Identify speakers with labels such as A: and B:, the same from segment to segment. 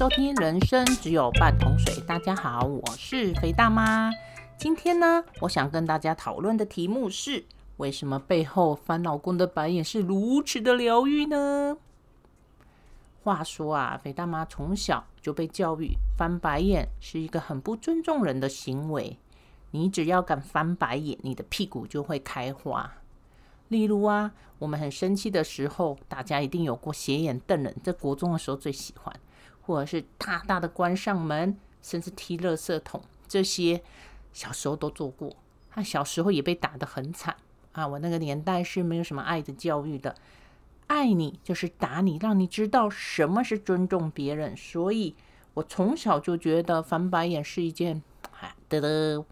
A: 收聽人生只有半桶水。大家好，我是肥大媽。今天呢，我想跟大家討論的題目是：為什麼背後翻老公的白眼是如此的療癒呢？話說啊，肥大媽從小就被教育，翻白眼是一個很不尊重人的行為。你只要敢翻白眼，你的屁股就會開花。例如啊，我們很生氣的時候，大家一定有過斜眼瞪人，在國中的時候最喜歡。或者是大大的關上門，甚至踢垃圾桶，這些小時候都做過。他小時候也被打得很慘啊！我那個年代是沒有什麼愛的教育的，愛你就是打你，讓你知道什麼是尊重別人。所以我從小就覺得翻白眼是一件啊，得得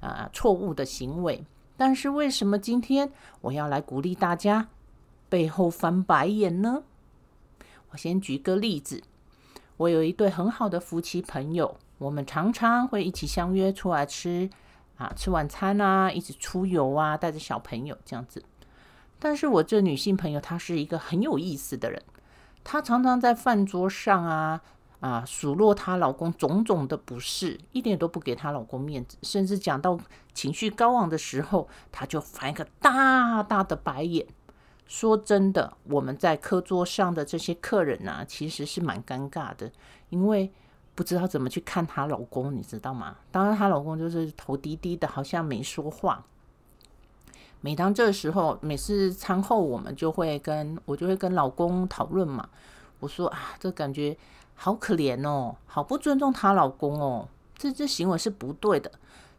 A: 啊，錯誤的行為。但是為什麼今天我要來鼓勵大家背後翻白眼呢？我先舉個例子。我有一對很好的夫妻朋友，我們常常會一起相約出來吃啊，吃晚餐啊，一起出遊啊，帶着小朋友這樣子。但是我這女性朋友，她是一個很有意思的人，她常常在飯桌上啊，啊，數落她老公種種的不是，一點都不給她老公面子，甚至講到情緒高昂的時候，她就翻一個大大的白眼。說真的，我們在客桌上的這些客人啊，其實是蠻尷尬的，因為不知道怎麼去看她老公，你知道嗎？當然，她老公就是頭低低的，好像沒說話。每當這時候，每次餐後，我們就會跟我就會跟老公討論嘛。我說啊，這感覺好可憐哦，好不尊重她老公哦，這這行為是不對的。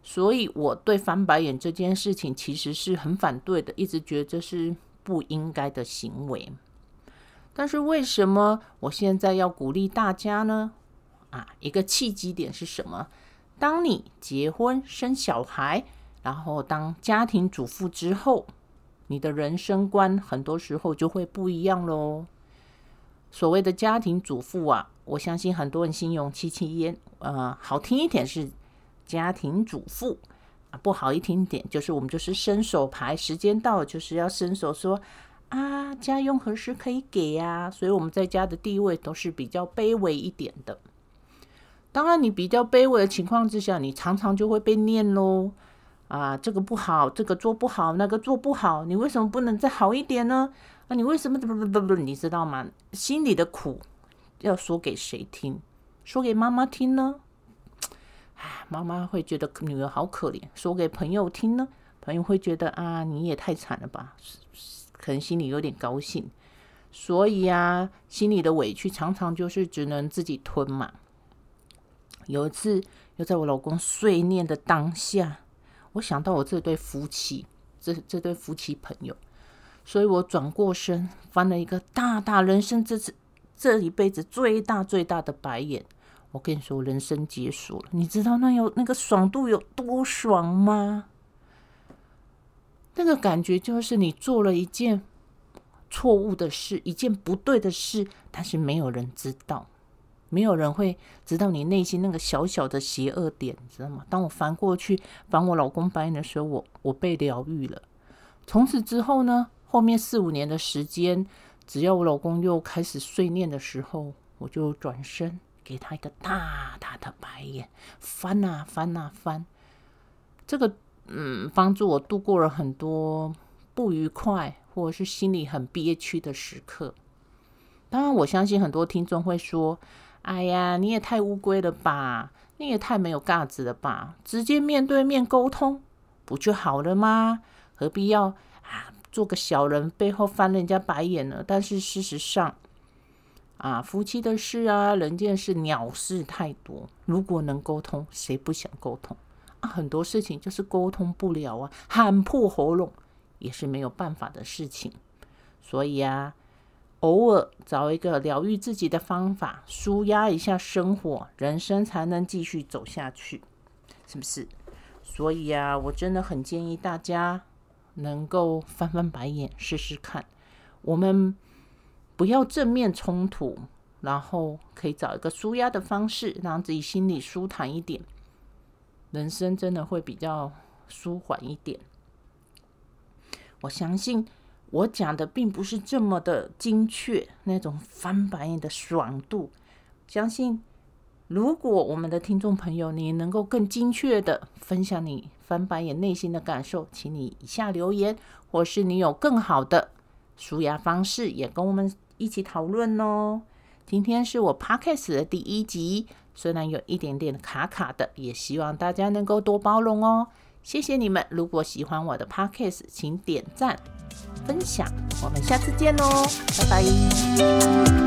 A: 所以，我對翻白眼這件事情其實是很反對的，一直覺得這是。不應該的行為，但是為什麼我現在要鼓勵大家呢？啊，一個契機點是什麼？當你結婚生小孩，然後當家庭主婦之後，你的人生觀很多時候就會不一樣嘍。所謂的家庭主婦啊，我相信很多人心有戚戚焉，呃，好聽一點是家庭主婦。不好一聽點，就是我們就是伸手牌，時間到了就是要伸手說啊，家用何時可以給呀？啊？所以我們在家的地位都是比較卑微一點的。當然，你比較卑微的情況之下，你常常就會被念咯。啊，這個不好，這個做不好，那個做不好，你為什麼不能再好一點呢？啊，你為什麼不不不不？你知道嗎？心裡的苦要說給誰聽？說給媽媽聽呢？哎，媽媽會覺得女兒好可憐，說給朋友聽呢？朋友會覺得啊，你也太慘了吧，可能心裡有點高興，所以啊，心裡的委屈常常就是只能自己吞嘛。有一次，又在我老公碎念的當下，我想到我這對夫妻，這這對夫妻朋友，所以我轉過身，翻了一個大大人生這次這一輩子最大最大的白眼。我跟你說，人生結束了，你知道那有那個爽度有多爽嗎？那個感覺就是你做了一件錯誤的事，一件不對的事，但是沒有人知道，沒有人會知道你內心那個小小的邪惡點，知道嗎？當我翻過去，翻我老公白眼的時候，我我被療愈了。從此之後呢，後面四五年的時間，只要我老公又開始碎念的時候，我就轉身，給他一個大大的白眼，翻啊翻啊翻，這個嗯，幫助我度過了很多不愉快或者是心裡很憋屈的時刻。當然，我相信很多聽眾會說：“哎呀，你也太烏龜了吧，你也太沒有架子了吧，直接面對面溝通不就好了嗎？何必要啊，做個小人背後翻人家白眼呢？”但是事實上，啊，夫妻的事啊，人間事、鳥事太多。如果能溝通，誰不想溝通啊？很多事情就是溝通不了啊，喊破喉嚨也是沒有辦法的事情。所以啊，偶爾找一個療癒自己的方法，舒壓一下生活，人生才能繼續走下去，是不是？所以啊，我真的很建議大家能夠翻翻白眼，試試看，我們。不要正面衝突，然後可以找一個舒壓的方式，讓自己心裡舒坦一點，人生真的會比較舒緩一點。我相信我講的並不是這麼的精確，那種翻白眼的爽度。相信如果我們的聽眾朋友你能夠更精確的分享你翻白眼內心的感受，請你以下留言，或是你有更好的舒壓方式，也跟我們。一起討論哦！今天是我 podcast 的第一集，雖然有一點點卡卡的，也希望大家能夠多包容哦。謝謝你們！如果喜歡我的 podcast，請點讚、分享。我們下次見嘍、哦，拜拜！